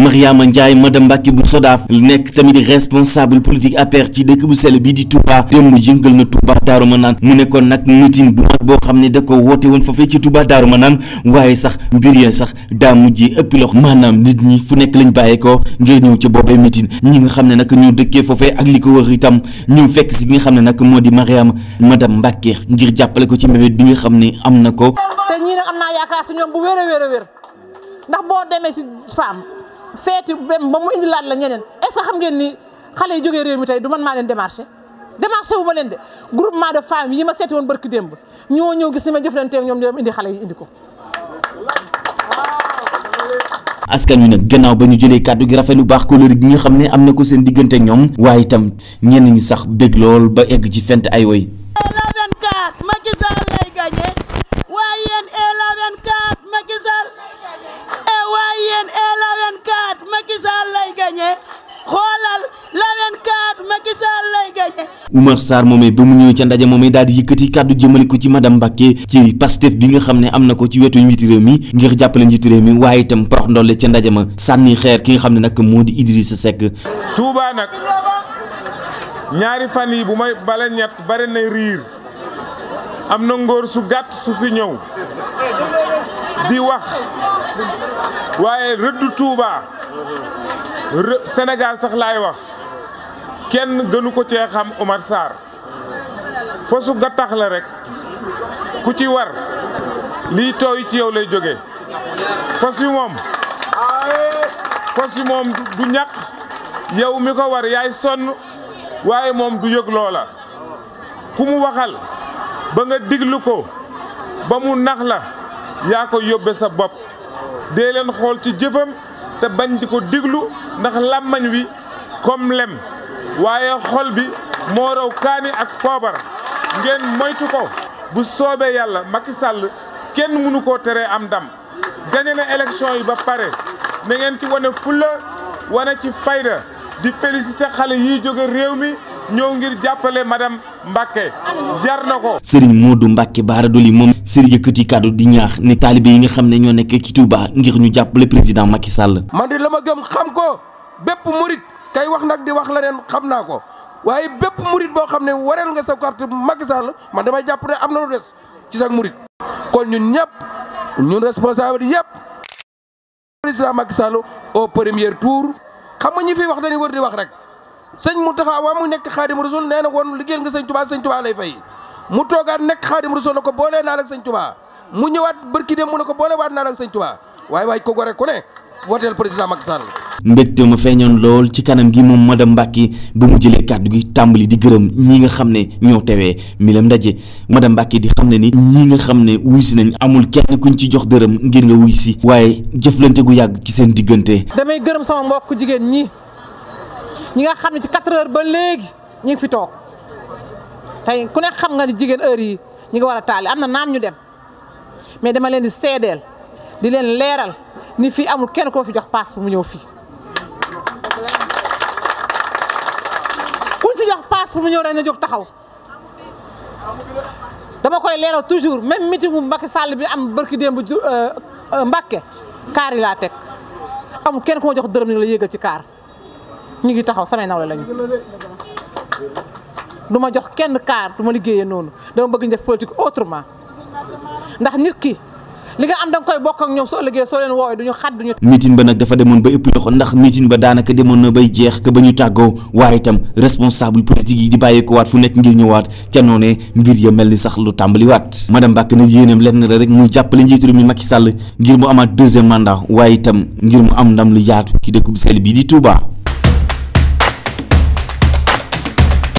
Mariama Ndiaye madame Mbacke bu Sodaaf nekk tamit responsable politique APR ci dëkk bu sell bi di Touba démb yëngal na Touba Daaru Manaan mu ne da ko woote woon foofee ci Touba Daaru Manaan waaye sax mbir ya sax daa mujjee ëpp ci boobee meeting ñi ne nag ñoo dëkkee foofee ak li ko wër fekk xam ne nag moo di Mariama madame Mbacke ngir jàppale ko ci mbébét bi nga xam ne am na ko. te ñii nag am naa yaakaar si ñoom bu wér a wér ndax boo demee si femme seeti bem ba mu indi laat la ñeneen est ce que xam ngeen ni xale yi jóge réew mi tey du man maa leen démarché démarché wu ma leen de groupement de femmes yi ma seeti woon barki démb ñoo ñëw gis ni ma jëflanteeg ñoom ñoom indi xale yi indi ko. askan wi nag gannaaw ba ñu jëlee kàddu gi rafetlu baax kóllëre gi nga xam ne am na ko seen diggante ñoom waaye itam ñenn ñi sax bég lool ba egg ci fent ay woy Oumar Sarr moomee ba mu ñëw ca ndaje moomee daal di yëkkati kàddu jëmale ko ci madame Mbacké ci Pastef bi nga xam ne am na ko ci wetu njiitu réew mi ngir jàppale njiitu réew mi waaye itam porox ndolle ca ndaje ma sànni xeer ki nga xam ne nag moo di Idrissa Seck. Touba nag ñaari fan yi bu may bala ñett bare na riir am na ngóor su gàtt su fi ñëw di wax waaye rëdd Touba Sénégal sax laay wax. kenn gënu ko cee xam Omar Sarr fosu gattax la rek ku ci war lii tooy ci yow lay jóge fos yi moom fas yi moom du ñàkk yow mi ko war yaay sonn waaye moom du yëg loola ku mu waxal ba nga diglu ko ba mu nax la yaa ko yóbbe sa bopp dee leen xool ci jëfam te bañ di ko diglu ndax làmmañ wi kom lem waaye xol bi moo raw kaani ak poobar ngeen moytu ko bu soobee yàlla Macky Sall kenn mënu koo teree am dam gañe na yi ba pare na ngeen ci wane fulla wane ci fayda di félicité xale yiy jóge réew mi ñëw ngir jàppale madame Mbacke jar na ko. Serigne Modou Mbacke Baara Doli moom. Serigne yëkkati kàddu di ñaax ne taalibe yi nga xam ne ñoo nekk ci Touba ngir ñu jàppale président Macky Sall. man de la ma gëm xam ko bépp murit. kay wax nag di wax leneen xam naa ko waaye bépp murit boo xam ne wareel nga sa carte Macky Sall man damay jàpp ne am na lu des ci sax murit kon ñun ñëpp ñun responsable yëpp président Macky Sall au premier tour xam nga ñi fi wax dañuy wër di wax rek sëñ Mountakha waa mu nekk xaadim rasul nee na woon liggéeyal nga sëñ Touba sëñ Touba lay fay mu toogaat nekk xaadim rasul na ko boolee naa la ak sëñ mu ñëwaat barki dem mu ne ko boole waat naa la ak waaye waaye ko gore ku ne woteel président Macky Sall mbégte ma feeñoon lool ci kanam gi moom madame Mbacke bu mu jëlee kàddu gi tàmbali di gërëm ñi nga xam ne ñoo tewee milam ndaje madame Mbacke di xam ne ni ñi nga xam ne wuy nañ amul kenn kuñ ci jox dërëm ngir nga wuy si waaye jëflante gu yàgg ci seen diggante. damay gërëm sama mbokk jigéen ñi ñi nga xam ne ci 4 heures ba léegi ñu fi toog tey ku ne xam nga ni jigéen heure yi ñi ngi war a taale am na naam ñu dem mais dama leen di seedeel di leen leeral ni fii amul kenn koo fi jox paas bu mu ñëw fii. jox paas bu mu ñëw rek na jóg taxaw dama koy leeral toujours même meeting bu Macky Sall bi am barki démb ju euh, euh, Mbacke kaar yi laa teg am kenn ku ma jox dërëm ni la yéegal ci kaar ñu ngi taxaw samay nawle lañu duma jox kenn kaar du ma liggéeyee noonu dama bëgg ñu def politique autrement ndax nit ki. li nga am da koy bokk ak ñoom soo ëllëgee soo leen woowee duñu xat duñu meeting ba nag dafa demoon ba ëpp loxo ndax meeting ba daanaka demoon na bay jeex que ba ñu tàggoo waaye itam responsable politique yi di bàyyee ko waat fu nekk ngir ñëwaat ca noonee mbir ya mel ni sax lu tàmbaliwaat madame Mbacke nag yéenam lenn la rek mu jàppale njiitu réew mi Macky Sall ngir mu amaat deuxième mandat waaye itam ngir mu am ndam lu yaatu ki dëkk bu sell bii di Touba